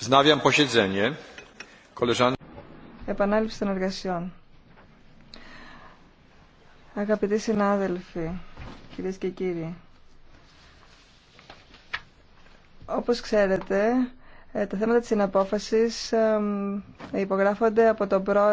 Wznawiam posiedzenie. Koleżanki επανάληψη των εργασιών. Αγαπητοί συνάδελφοι, κυρίες και κύριοι, όπως ξέρετε, ε, τα θέματα της συναπόφασης υπογράφονται από τον πρόεδρο